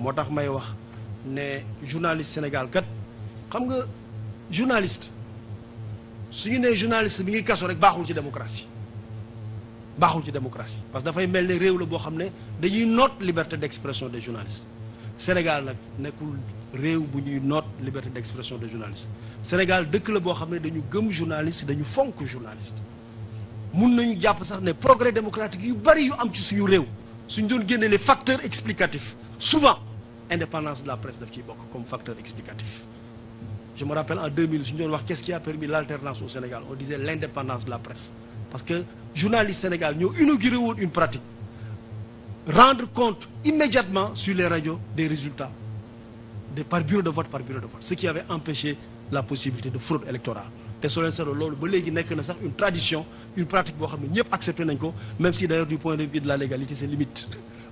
moo tax may wax ne journaliste Sénégal kat xam nga journaliste su ñu nee journaliste bi ngi kaso rek baaxul ci démocratie baaxul ci démocratie parce que dafay mel ne réew la boo xam ne dañuy noot liberté d'expression des journalistes Sénégal nag nekkul réew bu ñuy noot liberté d'expression de journalistes Sénégal dëkk la boo xam ne dañu gëm journaliste dañu fonk journaliste mun nañu jàpp sax ne progrès démocratique yu bari yu am ci suñu réew suñ doon génne les facteurs explicatifs souvent indépendance de la presse daf ciy bokk comme facteur explicatif je me rappelle en 2000 su wax qu'est-ce qui a permis l'alternance au Sénégal on disait l'indépendance de la presse parce que journaliste Sénégal ñoo inauguré woon une pratique rendre compte immédiatement sur les radios des résultats de par bureau de vote par bureau de vote ce qui avait empêché la possibilité de fraude électorale te soo leen seetloo loolu ba léegi nekk na sax une tradition une pratique boo xam ne ñëpp accepté nañ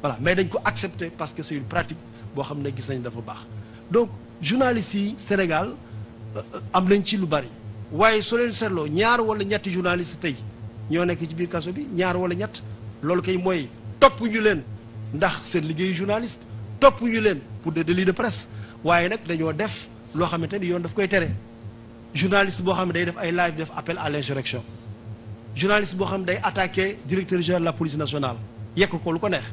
voilà mais dañ ko accepter parce que c'est une pratique boo xam ne gis nañ dafa baax donc journalistes yi Sénégal euh, am nañ ci lu bari waaye soo leen seetloo ñaar wala ñetti journalistes tey ñoo nekk ci biir kaso bi ñaar wala ñett loolu kay mooy topp ñu leen ndax seen liggéeyu journaliste topp ñu leen pour de délits de presse waaye nag dañoo def loo xamante ni yoon daf koy tere journaliste boo xam ne day def ay live def appel à l'insurrection journaliste boo xam ne day attaqué directeur général de la police nationale ko lu ko neex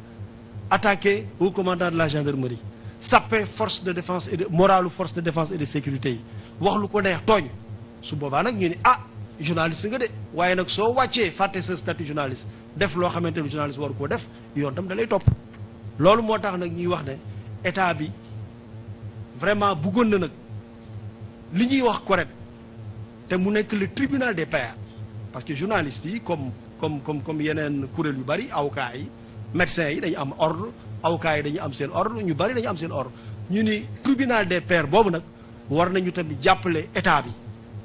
attaqué au commandant de la gendarmerie sappe force de défense et de moralu force de défense et de sécurité yi wax lu ko neex tooñ su boobaa nag ñu ne ah journaliste nga de waaye nag soo wàccee fàtte sa statut journaliste def loo xamante ne journaliste waru koo def yoon tam dalay lay topp loolu moo tax nag ñuy wax ne état bi vraiment buggoon na nag li ñuy wax correct te mu nekk le tribunal des pairs parce que journalistes yi comme comme comme comme yeneen kuréel yu bari awkaa yi médecins yi dañu am ordre avocats yi dañu am seen ordre ñu bari dañu am seen ordre ñu ni tribunal des pere boobu nag war nañu tamit jàppale état bi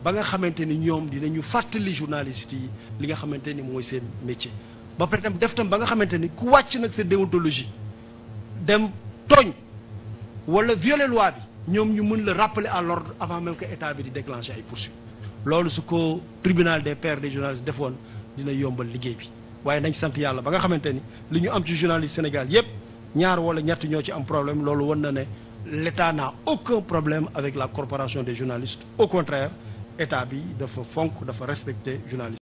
ba nga xamante ni ñoom ñu fàttali journalistes yi li nga xamante ni mooy seen métier. ba pare tam def tam ba nga xamante ni ku wàcc nag sa déontologie dem tooñ wala violer loi bi ñoom ñu mën la rappeler à l'ordre avant même que état bi di déclencher ay poursuites loolu su ko tribunal des pairs de journalistes defoon dina yombal liggéey bi. waaye nañ sant yàlla ba nga xamante ni li ñu am ci journaliste Sénégal yépp ñaar wala ñett ñoo ci am problème loolu wan na ne l'État n'a aucun problème avec la corporation des journalistes au contraire état bi dafa fonk dafa respecter journalistes